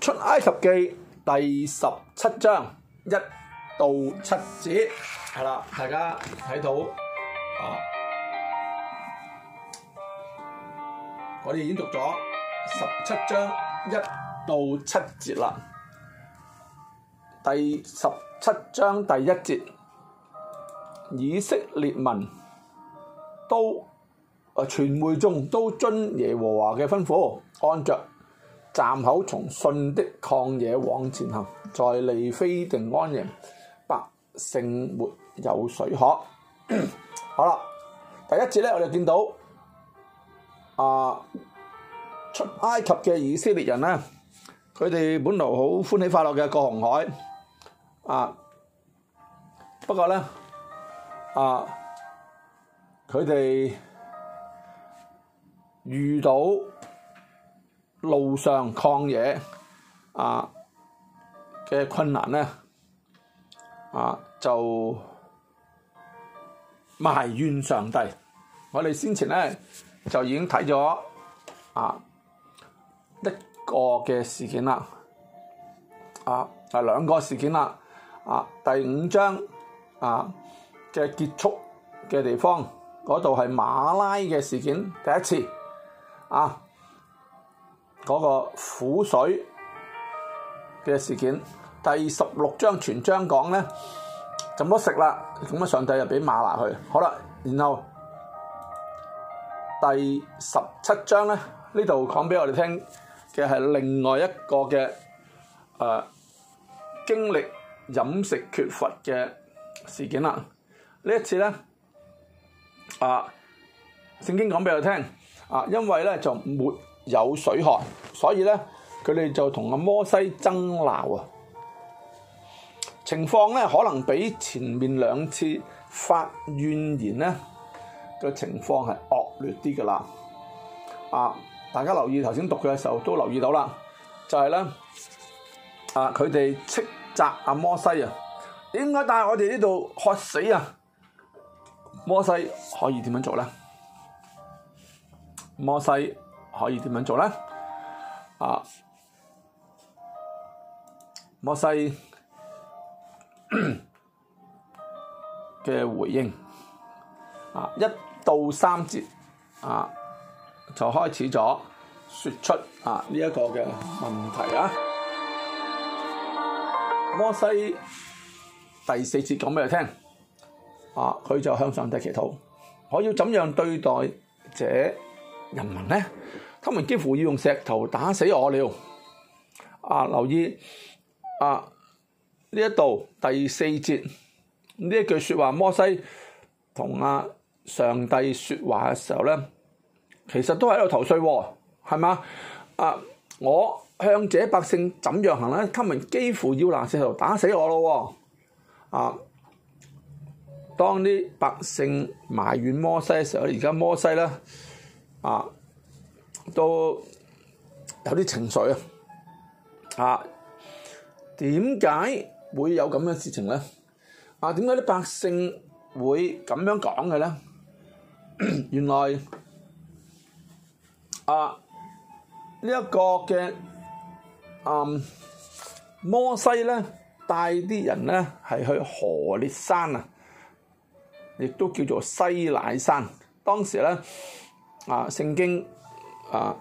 出埃及記第十七章一到七節，係啦，大家睇到，我哋已經讀咗十七章一到七節啦。第十七章第一節，以色列民都啊，全會眾都遵耶和華嘅吩咐按著。站口從汛的曠野往前行，在利非定安營，百姓沒有水喝。好啦，第一節咧，我哋見到啊出埃及嘅以色列人咧，佢哋本來好歡喜快樂嘅過紅海，啊不過咧，啊佢哋遇到。路上曠野啊嘅困難咧，啊就埋怨上帝。我哋先前咧就已經睇咗啊一個嘅事件啦，啊啊兩個事件啦，啊第五章啊嘅結束嘅地方嗰度係馬拉嘅事件，第一次，啊。嗰個苦水嘅事件，第十六章全章講咧，就冇食啦，咁啊，上帝又俾馬拿去，好啦，然後第十七章咧，呢度講俾我哋聽嘅係另外一個嘅誒、呃、經歷飲食缺乏嘅事件啦。呢一次咧，啊聖經講俾我哋聽，啊因為咧就沒有水害，所以咧，佢哋就同阿摩西爭鬧啊。情況咧，可能比前面兩次發怨言咧嘅情況係惡劣啲噶啦。啊，大家留意頭先讀嘅時候都留意到啦，就係咧啊，佢哋斥責阿摩西啊，點解帶我哋呢度渴死啊？摩西可以點樣做咧？摩西。可以點樣做咧？啊，摩西嘅回應啊，一到三節啊，就開始咗説出啊呢一、這個嘅問題啦、啊。摩西第四節講俾佢聽，啊，佢就向上帝祈禱，我要怎樣對待這人民咧，他們幾乎要用石頭打死我了。啊，留意啊，呢一度第四節呢一句説話，摩西同阿上帝説話嘅時候咧，其實都喺度投訴喎、啊，係嘛？啊，我向這百姓怎樣行咧？他們幾乎要拿石頭打死我咯、啊。啊，當啲百姓埋怨摩西嘅時候，而家摩西咧。啊，都有啲情緒啊！啊，點解會有咁樣事情咧？啊，點解啲百姓會咁樣講嘅咧？原來啊，呢一個嘅誒摩西咧，帶啲人咧係去何烈山啊，亦都叫做西乃山。當時咧。啊！聖經啊，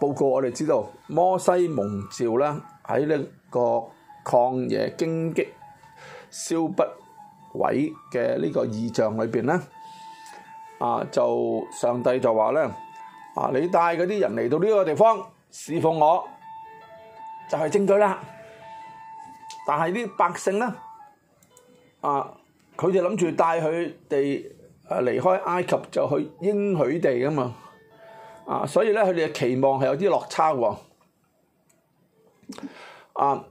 報告我哋知道摩西蒙召咧，喺呢個曠野荊棘燒不毀嘅呢個異象裏邊咧，啊就上帝就話咧，啊你帶嗰啲人嚟到呢個地方侍奉我，就係、是、證據啦。但係啲百姓咧，啊佢哋諗住帶佢哋啊離開埃及就去應許地噶嘛。啊，所以咧，佢哋嘅期望係有啲落差嘅、啊。啊，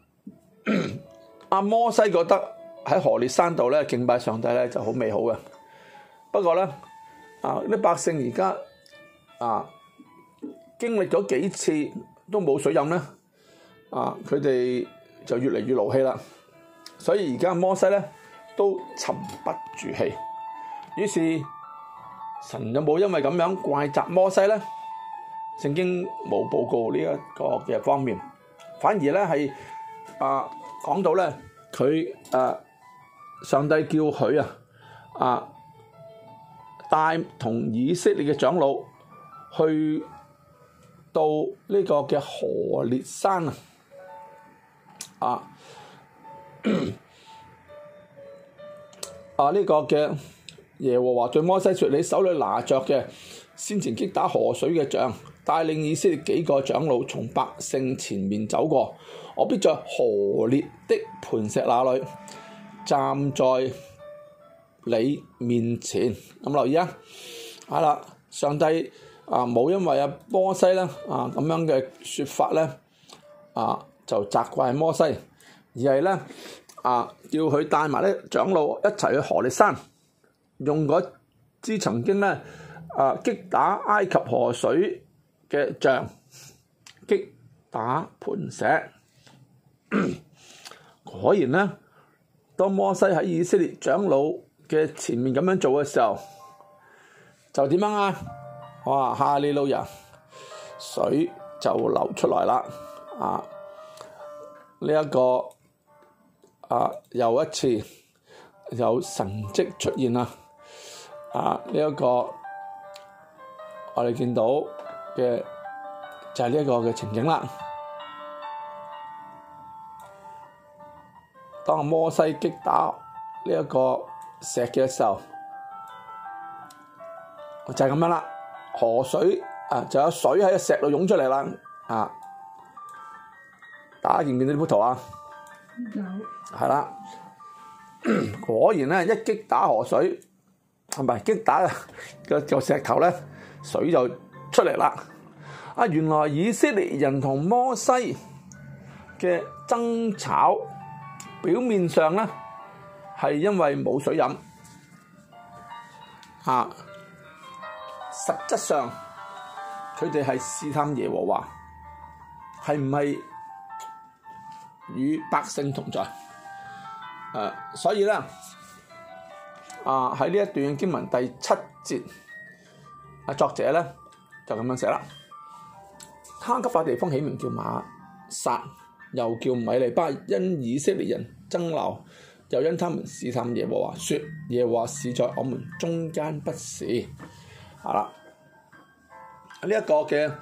阿、啊、摩西覺得喺何烈山度咧敬拜上帝咧就好美好嘅。不過咧，啊啲百姓而家啊經歷咗幾次都冇水飲咧，啊佢哋就越嚟越勞氣啦。所以而家摩西咧都沉不住氣，於是神有冇因為咁樣怪責摩西咧？聖經冇報告呢一、這個嘅方面，反而咧係啊講到咧佢啊上帝叫佢啊啊帶同以色列嘅長老去到呢個嘅何烈山啊 啊呢、這個嘅耶和華對摩西説：你手裏拿着嘅先前擊打河水嘅杖。帶領以色列幾個長老從百姓前面走過，我必在何烈的磐石那裏站在你面前。咁留意啊？係啦，上帝啊冇因為阿、啊、摩西啦啊咁樣嘅説法咧啊，就責怪摩西，而係咧啊叫佢帶埋啲長老一齊去何烈山，用嗰支曾經咧啊擊打埃及河水。嘅杖擊打磐石， 果然呢，當摩西喺以色列長老嘅前面咁樣做嘅時候，就點樣啊？哇！哈利路亞，水就流出來啦！啊，呢一個啊，又一次有神跡出現啦！啊，呢一個我哋見到。嘅就係呢一個嘅情景啦。當摩西擊打呢一個石嘅時候，就係咁樣啦。河水啊，就有水喺個石度湧出嚟啦。啊，打完見到呢幅圖啊，有，係啦。果然咧，一擊打河水，唔係擊打個個石頭咧，水就～出嚟啦！啊，原來以色列人同摩西嘅爭吵，表面上呢係因為冇水飲，啊，實質上佢哋係試探耶和華，係唔係與百姓同在？誒、啊，所以呢，啊喺呢一段經文第七節，啊作者呢。就咁樣寫啦。哈急巴地方起名叫馬撒，又叫米利巴，因以色列人爭鬧，又因他們試探耶和華說，說耶和華是在我們中間不是。好，這個、的啊啦，呢一個嘅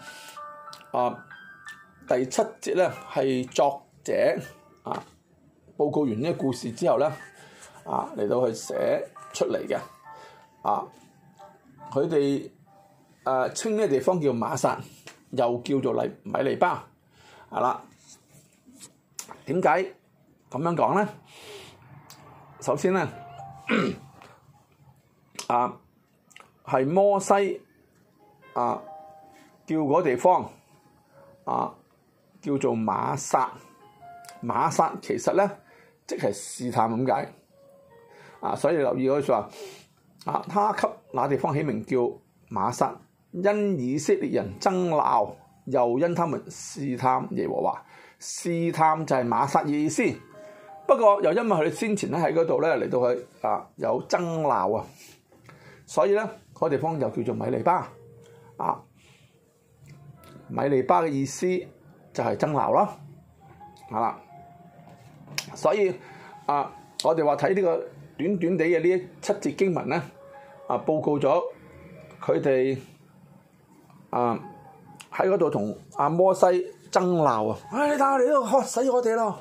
啊第七節咧，係作者啊報告完呢個故事之後咧，啊嚟到去寫出嚟嘅啊，佢哋。誒，稱呢、啊、個地方叫馬薩，又叫做黎米利巴，係、啊、啦。點解咁樣講咧？首先咧，啊，係摩西啊叫嗰地方啊叫做馬薩，馬薩其實咧即係試探咁解。啊，所以留意嗰句話，啊，他給那地方起名叫馬薩。因以色列人爭鬧，又因他們試探耶和華，試探就係馬撒嘅意思。不過又因為佢先前咧喺嗰度咧嚟到佢啊有爭鬧啊，所以咧嗰地方就叫做米利巴啊。米利巴嘅意思就係爭鬧咯，係、啊、啦。所以啊，我哋話睇呢個短短地嘅呢七節經文咧啊，報告咗佢哋。啊！喺嗰度同阿摩西爭鬧啊！唉、哎，你帶我嚟呢度，渴死我哋咯！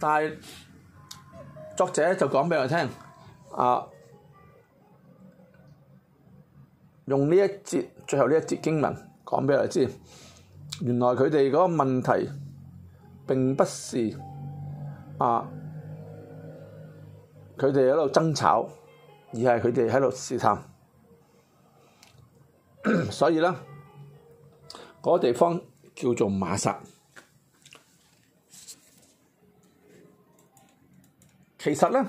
但係作者就講畀我聽，啊，用呢一節最後呢一節經文講畀我哋知，原來佢哋嗰個問題並不是啊，佢哋喺度爭吵，而係佢哋喺度試探， 所以呢。嗰個地方叫做馬薩，其實呢，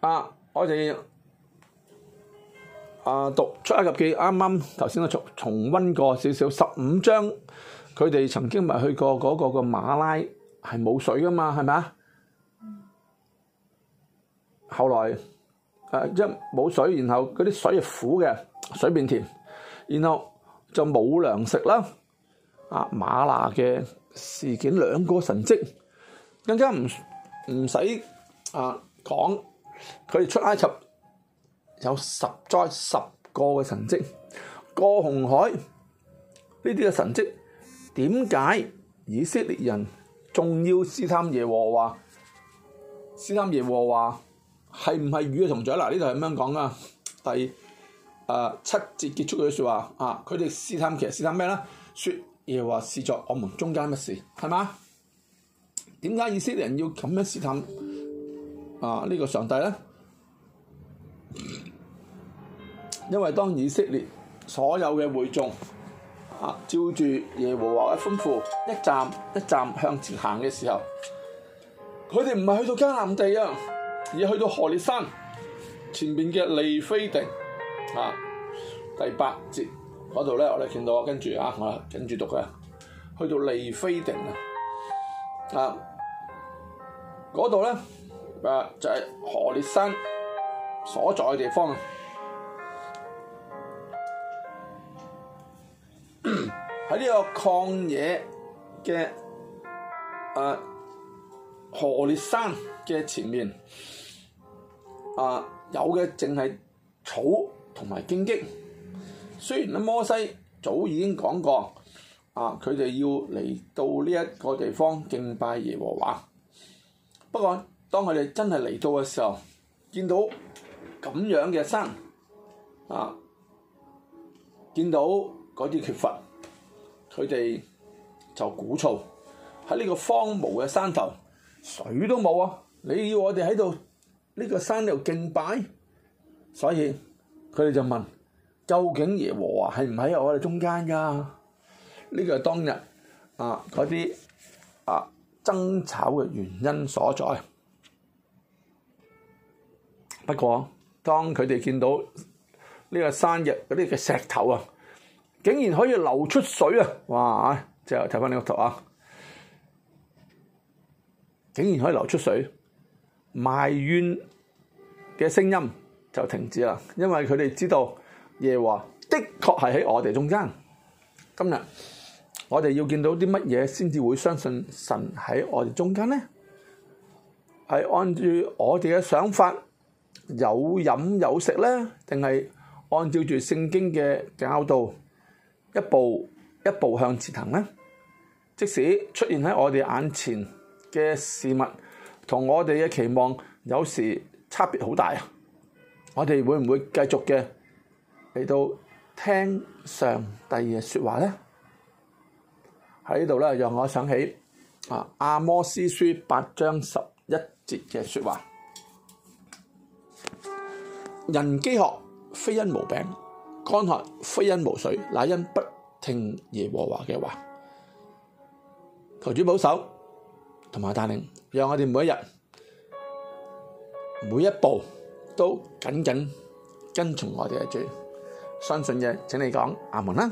啊，我哋啊讀出埃及記啱啱頭先咧重重溫過少少十五章，佢哋曾經咪去過嗰個個馬拉，係冇水㗎嘛，係咪啊？後來誒即係冇水，然後嗰啲水係苦嘅，水變甜，然後就冇糧食啦。阿馬拿嘅事件兩個神蹟，更加唔唔使啊講，佢哋出埃及有十災十個嘅神蹟，過紅海呢啲嘅神蹟，點解以色列人仲要試探耶和華？試探耶和華係唔係與佢同在？嗱呢度係咁樣講啊，第、呃、七節結束佢嘅説話啊，佢哋試探其實試探咩咧？説亦或視作我們中間嘅事，係嘛？點解以色列人要咁樣試探啊呢、這個上帝呢？因為當以色列所有嘅會眾啊，照住耶和華嘅吩咐，一站一站向前行嘅時候，佢哋唔係去到迦南地啊，而係去到何烈山前面嘅利非定啊，第八節。嗰度呢，我哋見到，跟住啊，我、啊、跟住讀啊，去到利菲定啊，啊，嗰度呢，就係何烈山所在嘅地方，喺呢個曠野嘅啊何烈山嘅前面啊，有嘅淨係草同埋荊棘。雖然摩西早已經講過，啊，佢哋要嚟到呢一個地方敬拜耶和華，不過當佢哋真係嚟到嘅時候，見到咁樣嘅山，啊，見到嗰啲缺乏，佢哋就鼓噪，喺呢個荒蕪嘅山頭，水都冇啊！你要我哋喺度呢個山度敬拜，所以佢哋就問。究竟耶和華係唔喺我哋中間噶？呢、這個係當日啊，嗰啲啊爭吵嘅原因所在。不過，當佢哋見到呢個山嘅嗰啲嘅石頭啊，竟然可以流出水啊！哇！即係睇翻呢幅圖啊，竟然可以流出水，埋怨嘅聲音就停止啦，因為佢哋知道。耶和華的確係喺我哋中間。今日我哋要見到啲乜嘢先至會相信神喺我哋中間呢？係按照我哋嘅想法有飲有食呢？定係按照住聖經嘅教導一步一步向前行呢？即使出現喺我哋眼前嘅事物同我哋嘅期望有時差別好大啊！我哋會唔會繼續嘅？嚟到聽上帝嘅説話呢，喺呢度呢，讓我想起啊阿摩司書八章十一節嘅説話：人飢餓非因無餅，乾渴非因無水，乃因不聽耶和華嘅話。求主保守同埋帶領，讓我哋每一日每一步都緊緊跟從我哋嘅主。相信嘅，請你講，阿門啦。